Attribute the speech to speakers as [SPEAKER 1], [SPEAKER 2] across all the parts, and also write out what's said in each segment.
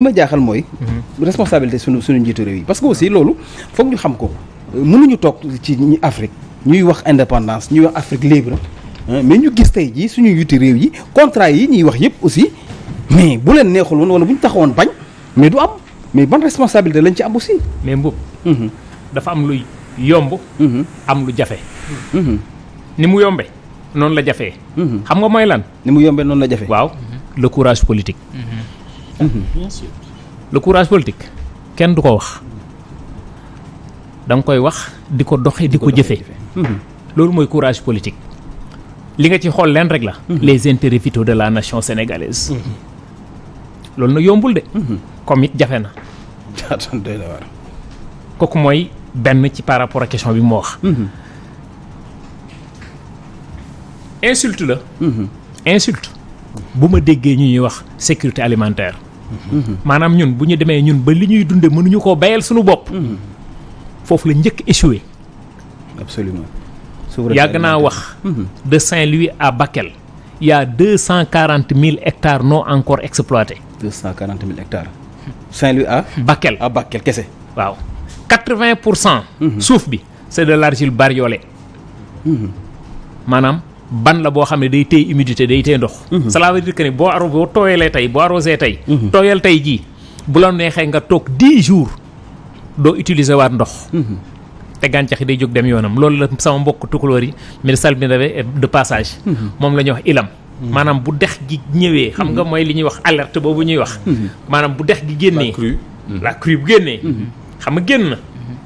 [SPEAKER 1] li ma jaaxal mooy. Mhm. responsabilité suñu suñu njiitu réew yi parce que aussi loolu foog ñu xam ko mënuñu toog ci ñi Afrique ñuy wax indépendance ñuy wax Afrique libre mais ñu gis tey jii suñu njiitu réew yi contrat yi ñuy wax yëpp aussi mais bu leen neexul woon wala bu taxawoon bañ mais du am mais ban responsabilité lañ ci am aussi. mais mbub. Mhm. dafa am lu yomb. Mhm. am lu jafe. ni mu yombe noonu la jafe xam nga mooy lan. ni mu yombe noonu la jafe. waaw le courage l'État. bien sûr. courage politique kenn du ko wax danga koy wax di ko doxe di ko jëfe hmm. loolu mooy courage politique li nga ci xool leen rek la. Hmm. les intérêts vitaux de la nation sénégalaise. Hmm. loolu na yombul de. comme it jafe na. kooku mooy benn ci par rapport ak question bi mu wax. insulte la. insulte bu ma déggee ñu ñuy wax sécurité alimentaire. maanaam ñun bu ñu demee ñun ba li ñuy dunde mënuñu koo bayal suñu bopp foofu la njëkk échoué absolument yàgg naa wax de Saint-Louis à Bakel y a deux cent quarante mille hectares non encore exploité deux cent quarante mille hectares Saint-Louis à kese waaw quatre vingt pour cent mhm. suuf bi c'est de l'argile bariolée mhm. maanaam ban la boo xam ne day téye humidité day téye ndox. Mhm. cela veut ni boo arrosé boo tooyalee tey boo arrosé tey. Mhm. tooyal tey jii bu la neexee nga toog 10 jours doo utiliser waat ndox. Mhm. te gàncax yi day jóg dem yoonam loolu la sama mbokk tukulóor yi mais salbindawe de passage. moom la ñuy wax ilam. maanaam bu dex gi ñëwee. xam nga mooy li ñuy wax alerte boobu ñuy wax. maanaam bu dex gi génnee. la crue la crue bu génnee. xam nga génn na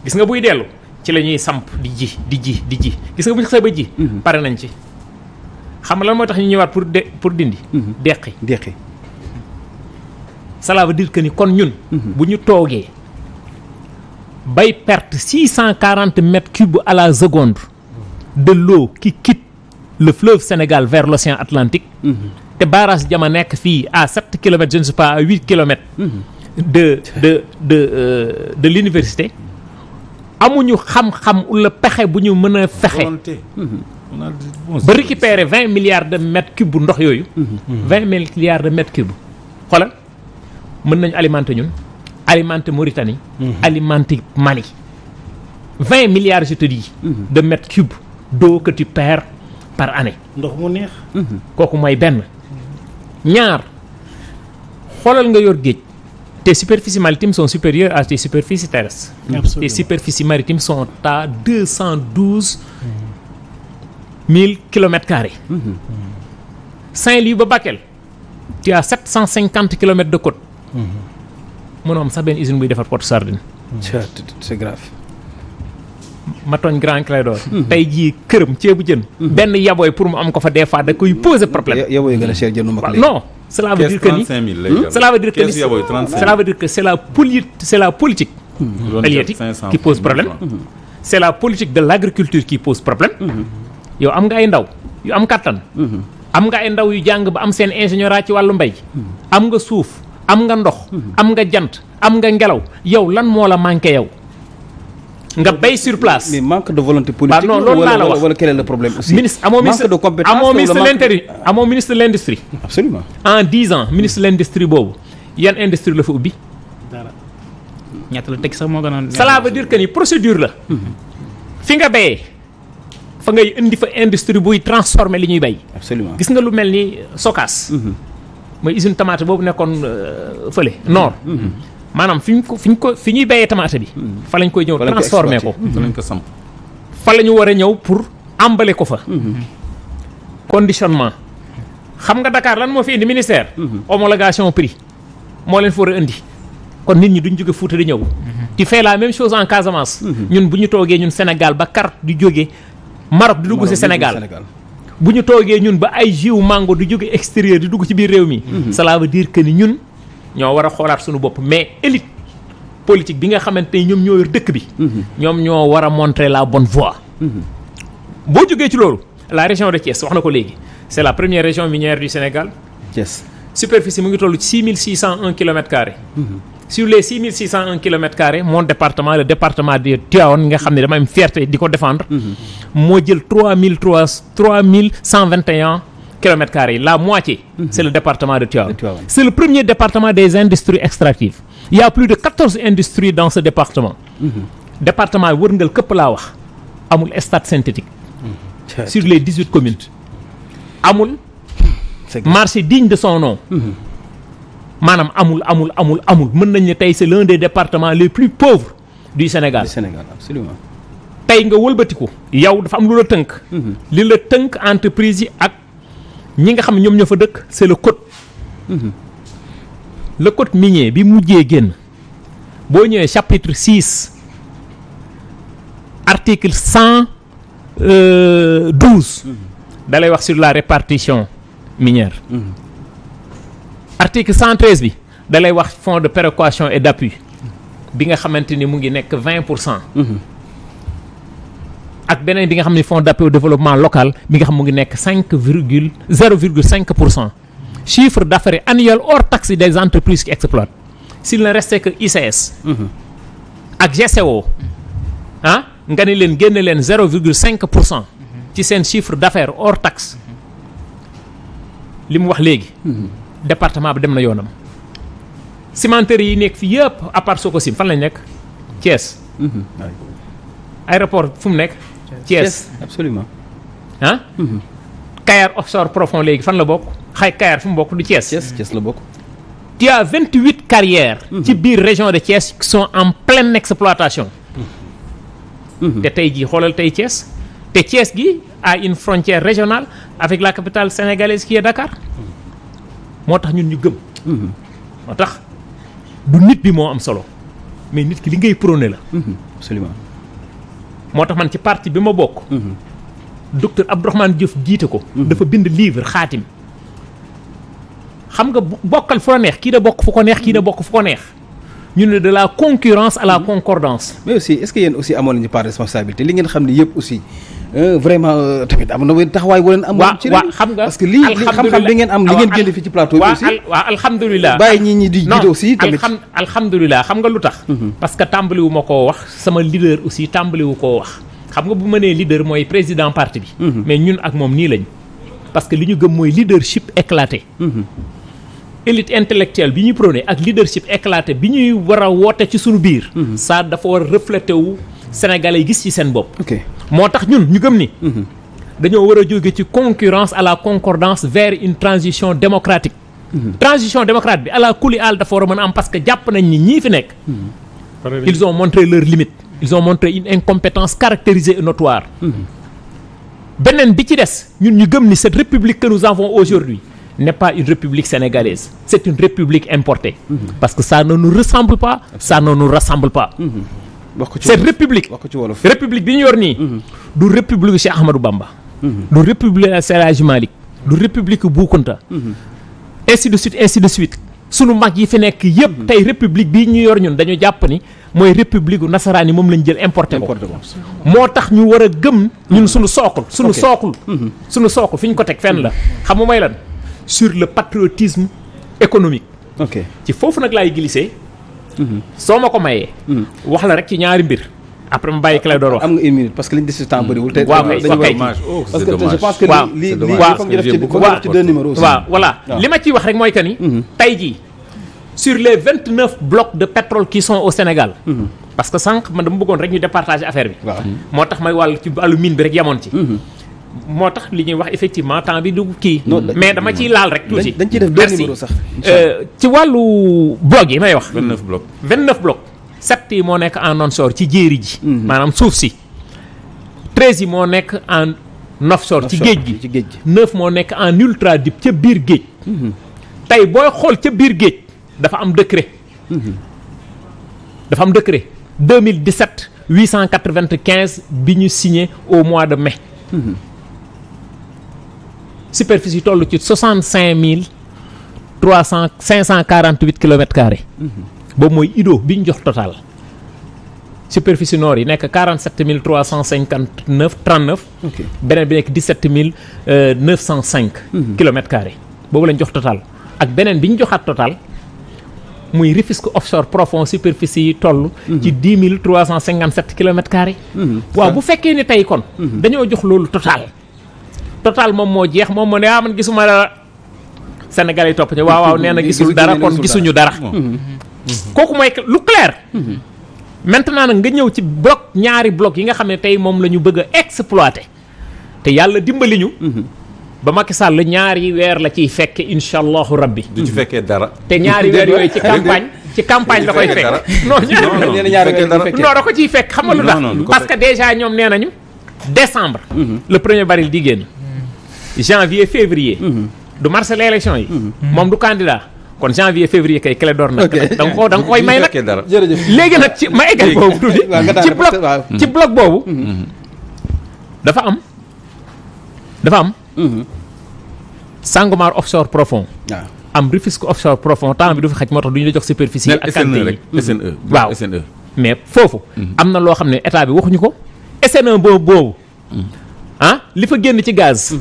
[SPEAKER 1] gis nga buy dellu ci la ñuy samp di ji di ji di ji gis ba ji. pare nañ ci. xam nga lan moo tax ñu ñëwaat pour de pour dindi. Mhm. déqi deqi. cela veut dire que ni kon ñun. Mhm. bu ñu toogee bay perte six cent quarante mètres cubes à la seconde de l'eau qui quitte le fleuve Sénégal vers l'océan Atlantique. Mhm. te barrage jama nekk fii à sept kilomètres je ne sais pas de de euh, de l'université amuñu xam-xam wala pexe bu ñu mën a fexe. ba récupérer vingt milliards de mètres bu ndox yooyu. Mm-hmm. Mm-hmm. vingt milliards de mètres cubes. xoolal mën nañu alimenter ñun alimenter Mauritanie. Mm-hmm. alimenter Mali. milliards je te dis. de mètres cubes d'eau que tu par année. ndox mu neex. kooku mooy benn. ñaar xoolal nga yor géej. te superficies maritimes sont supérieures à tes superficies terrestres. Absolument. Tes superficies maritimes sont mille kilomètres carrés. saint lii ba Bakel tu as sept cent cinquante de côte. mënoo am sax benn usine buy defar porte sardine. ma tooñ Grand Clédor. tey jii këram ceebu jën. benn yabooy pour mu am ko fa des fois da koy poser problème. yabooy gën a cher jëndu mag non cela veut dire que ni cela veut dire que ni dire que c'est la poli c'est la politique. halieutique qui pose problème. c'est la politique de l'agriculture qui pose problème. yow am nga ay ndaw yu am kattan. Mhm. am nga ay ndaw yu jàng ba am seen ingénieur ci wàllu mbay. Mhm. am nga suuf am nga ndox. Mhm. am nga jant am nga ngelaw yow lan moo la manqué yow. nga bay sur place mais manque de volonté politique. non loolu laa la wax wala quel est le problème aussi. ministre amoo ministre manque de compétence amoo ministre de l'intérieur amoo en dix ans ministre de l'industrie boobu yan industrie la fa ubbi. dara ñett la teg sax moo a. cela veut dire que ni la. fi nga bayee. fa ngay indi fa industrie buy transformer li ñuy bay. absolument gis nga lu mel ni euh, Sokas. Mhm. mooy usine tomate boobu nekkoon euh, fële nord. Mhm. Mhm. maanaam fi ñu ko fi ñu ko fi ñuy bayee tomate bi. fa lañ koy ñëw transformer ko. fa lañ ko samp fa la ñu war a ñëw pour emballé ko fa. conditionnement. xam nga dakaar lan moo fi indi ministère. homologation prix moo leen fa war a indi. kon nit ñi duñ jóge Fuuta di ñëw. tu fais la chose en Casamance. ñun bu ñu toogee ñun Sénégal ba carte di jóge Maroc di dugg si Sénégal bu ñu toogee ñun ba ay jiw mango di jóge extérieur di dugg ci biir réew mi. Mhm. cela veut dire que ni ñun ñoo war a xoolaat suñu bopp mais élite politique bi nga xamante ni ñoom ñoo dëkk bi. Mhm. ñoom ñoo war a montrer la bonne voie. Mhm. boo jógee ci loolu la région de Thiès wax na ko léegi c' est la première région minière du Sénégal. superficie mu ngi toll ci six mille six cent un kilomètres sur les 6601 kilomètres carrés mon département le département de Tivaouane nga xam ne dama am fierté di ko défendre. Mhm. moo jël 3003 3121 kilomètres carrés la moitié. Mhm. c' est le département de Tivaouane. c' est le premier département des industries extractives. il y a plus de 14 industries dans ce département. Mhm. département bi wërngal këpp laa wax amul estate synthétique. sur les 18 communes. amul. marché digne de son nom. maanaam amul amul amul amul mën nañ ne tey c'est l'un des départements les plus pauvres du Sénégal. du tey nga wëlbatiku. yow dafa am lu la tënk. Mhm. li la tënk entreprise yi ak ñi nga xam ñoom ñoo fa dëkk c'est le code. Mhm. le code minier bi mujjee génn boo ñëwee chapitre six article cent euh, douze. Mhm. da lay wax sur la répartition minière. article 113 bi da lay wax fonds de péréquation et d'appui bi nga xamante ni mu ngi nekk 20 pour cent. ak beneen bi nga xam ne fonds d'appui au développement local bi nga xam mu ngi nekk 5 virgule 0 virgule 5 pour cent chiffre d'affaires annuel hors taxe des entreprises qui exploitent s'il ne restait que ICS. ak GCO ah nga ni leen génn leen 0 virgule pour cent ci seen chiffre d'affaires hors taxe li mu wax léegi. département bi dem na yoonam cimenterie yi nekk fi yëpp à part Sococim fan lañ nekk Thiès. Mm-hmm. aéroport fu mu nekk. Thiès absolument ah. Kayar offshore profond léegi fan la bokk xay Kayar fu mu bokk du Thiès. Thiès Thiès bokk. il y a vingt huit carrières mm-hmm. ci biir région de Thiès qui sont en pleine exploitation te tey jii xoolal tey Thiès te cees gi a une frontière régionale avec la capitale sénégalaise qui Dakar moo tax ñun ñu gëm. Mm-hmm. moo tax du nit bi moo am solo mais nit ki li ngay prôné la. Mm-hmm. moo tax man ci parti bi ma bokk. Mm-hmm. docteur Abdourahmane jëf jiite ko. dafa bind livre xaatim. xam nga bokkal fu la neex kii da bokk fu ko neex kii ne bokk fu ko neex. ñun ne de la concurrence à la mm-hmm. concordance. mais aussi est-ce que yéen aussi amoon nañu part responsabilité li ngeen xam ne yëpp aussi euh, vraiment euh, tamit am na taxawaay bu leen am. ci waaw nga parce que lii xam-xam ngeen am li ngeen génne fii ci plateau bi. aussi waaw alhamdulilah bàyyi ñi ñi di jiite aussi tamit non alhamdulilah xam nga lu tax. Mm-hmm. parce que tàmbaliwu ma ko wax sama leader aussi tàmbaliwu koo wax. xam nga bu ma nee leader mooy président parti bi. Mm-hmm. mais ñun ak moom nii lañ parce que li ñu gëm mooy leadership éclaté. élite intellectuelle bi ñuy prôné ak leadership éclaté bi ñuy war woote ci suñu biir. Mhm. ça dafa war a reflété wu sénégalais yi gis ci seen bopp. moo tax ñun ñu gëm ni. Mhm. dañoo war a jóge ci concurrence à la concordance vers une transition démocratique. Mhm. transition démocrate bi à la kuli àll dafa war a mën a am parce que jàpp nañ ni ñii fi nekk. ils ont montré leurs limites. ils ont montré une incompétence caractérisée et notoire. beneen bi ci des ñun ñu gëm ni cette république que nous avons aujourd'hui n'est pas une république sénégalaise c'est une république importée parce que ça ne nous ressemble pas ça ne nous rassemble pas mm -hmm. cette république république bi ñu yor nii du république Cheikh Ahmadou Bamba du république Seydi Hadji Malick du république Boukounta ainsi de suite ainsi de suite sunu mag yi fi nekk yëpp tey république bi ñu yor ñun dañu jàpp ni mooy république nasaraan yi moom lañ jël importé ko moo tax ñu war a gëm ñun sunu sookul sunu sookul mhm. sunu sookul fi ko teg fenn la xam nga mooy sur le patriotisme économique. ok ci foofu nag laay glissé. Mhm. soo ma ko mayee. Mhm. wax la rek ci ñaari mbir. après mu bàyyi ki lay door wax parce que liñ des ci li ma ciy wax rek mooy que ni. Mhm. tey jii sur les vingt neuf blocs de pétrole que sànq man dama bëggoon rek ñu départager affaire bi. moo tax may wàll ci wàllu mine bi rek yamoon ci. moo tax li ñuy wax effectivement temps bi du kii. mais dama ciy laal rek tuuti. dañ ciy def deux numéros sax euh, ci wàllu blog yi may wax. 29 blocs 29 blocs. 7 yi moo nekk en non onshore ci jéeri ji. Mhm. maanaam suuf si. 13 yi moo nekk en offshore ci géej gi ci géej gi. 9 moo nekk en ultra dip ca biir géej. Mhm. tey booy xool ca biir géej dafa am décret. Mhm. dafa am décret 2017 895 bi ñu signé au mois de mai. superficie toll ci soixante cinq mille trois cent cinq cent quarante kilomètres carrés boobu mooy ido bi ñu jox total superficie noor yi nekk quarante sept mille trois cent cinquante neuf trente neuf beneen bi nekk dix sept mille neuf cent cinq mhm. kilomètres carrés boobu lañ jox total ak beneen bi ñu joxaat total muy Rufisque offshore profond superficie yi toll. Mhm. ci dix mille trois cent cinquante sept kilomètres carrés. Mhm. waaw bu fekkee ne tey kon. dañoo jox loolu total. total moom moo jeex moom moo ne ah man gisuma dara Sénégal yi topp ci waaw waaw nee na gisul dara kon gisuñu dara. Mhm. kooku mooy lu clair. Mhm. maintenant nag nga ñëw ci bloc ñaari bloc yi nga xam ne tey moom la ñu bëgg a exploiter te yàlla dimbali ñu. Mhm. ba ñaari weer la ciy fekke incha allahu rabbi. du ci fekkee dara. te ñaari weer yooyu ci campagne ci campagne la koy fekk. non ñaari weer da ko ciy fekk xam nga lu déjà ñoom nee nañu décembre. le premier baril di génn. janvier février. Mhm. du marché l'élection yi. Mhm. Mhm. moom du candidat. kon janvier février kay clé d'or nag. ok da nga koo koy may nag léegi nag ci ma eggal boobu dafa am dafa am. Sangomar offshore profond. am Rufisque offshore profond temps bi du fi xaj moo tax du ñu jox superficie e yi ak quantité SNE waaw SNE mais foofu. am na loo xam ne état bi waxuñu ko. SNE boobu ah, li fa génn ci gaz.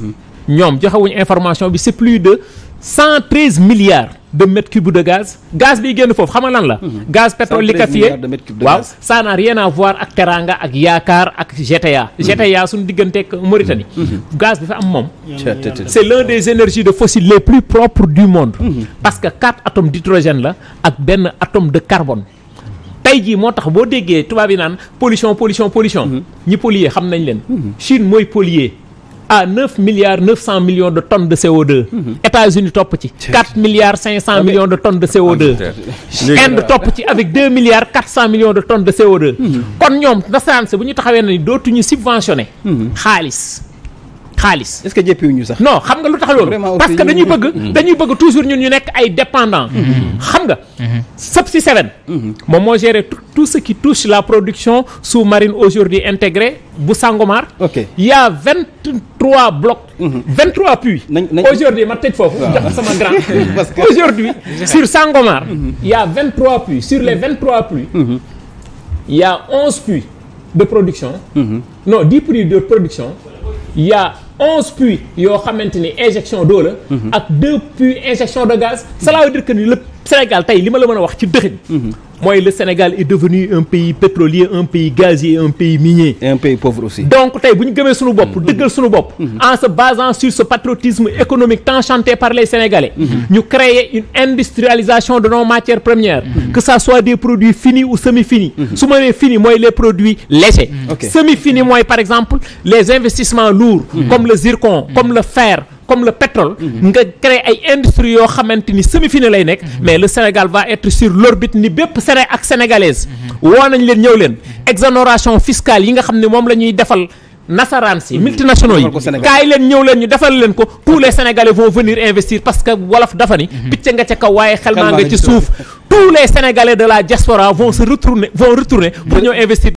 [SPEAKER 1] ñoom joxewuñu information bi c'est plus de cent treize milliards de mètres cubes de gaz gaz biy génn foofu xam nga lan la. Mhm. gaz pétrole liquéfié waaw ça n'a rien à voir ak Teranga ak Yaakaar ak GTA. Mhm. GTA suñu digganteeg Mauritanie. Mhm. gaz bi fa am moom. c'est l'un des énergies de fossiles les plus propres du monde. parce que atom atomes d'hydrogène la ak benn atome de carbone. tey jii moo tax boo déggee tubaab yi naan pollution polition polition ñi polluer xam nañ leen. Chine mooy polluer. à neuf milliards neuf cent millions de tonnes de co mhm. États-Unis topp ci. quatre milliards cinq cent ah, millions de tonnes de CO2. topp ci avec deux milliards quatre cent millions de ton de CO2. Mhm. kon ñoom nasaraan bu ñu taxawee na ni dootuñu subventionné. Mhm. xaalis. xaalis. est-ce que jëppiwuñu sax. non xam nga lu tax loolu. parce que dañuy bëgg. dañuy bëgg toujours ñun ñu nekk ay dépendant. Mm-hmm. Mm-hmm. xam nga. Mm-hmm. si 7. moom moo géré tout ce qui touche la production sous-marine aujourd'hui intégrée bu Sangomar. ok il y a vingt trois blocs. vingt trois puits. nañ nañ aujourd'hui ma tëj foofu. jox sama grand. parce que aujourd'hui sur Sangomar. il y a vingt trois puits sur les vingt trois puits. il y a onze puits de production. non dix de production. yaa a onze puits yoo xamante ni injection d'eau la. Mhm. ak deux puits injection de gaz. cela veut que ni lépp. Sénégal tey li ma la mën a wax ci dëxin. Mhm. mooy le Sénégal est devenu un pays pétrolier un pays gazier un pays minier. un pays pauvre aussi. donc tey bu ñu gëmee suñu bopp. Mhm. dëggal suñu bopp. Mhm. en se basant sur ce patriotisme économique tant chanté par les Sénégalais. ñu créer une industrialisation de nos matières premières. que ça soit des produits finis ou semi finis. su ma nee fini mooy les produits légers. semi fini mooy par exemple les investissements lourds. comme le zircon comme le fer. comme le pétrole mhm. nga créer ay industrie yoo xamante ni semi lay nekk mhm. mais le Sénégal va être sur l'orbite ni bépp ak sénégalaise mhm. woo leen ñëw leen exonération fiscale yi nga xam ne moom la defal nasaraan si multinationaux yi kaay leen ñëw leen ñu defal leen ko tous les sénégalais venir investir parce que wolof dafa ni picc nga ca kaw waaye xel maa nga ci suuf tous les de la diaspora vont se retourner vont ñëw investir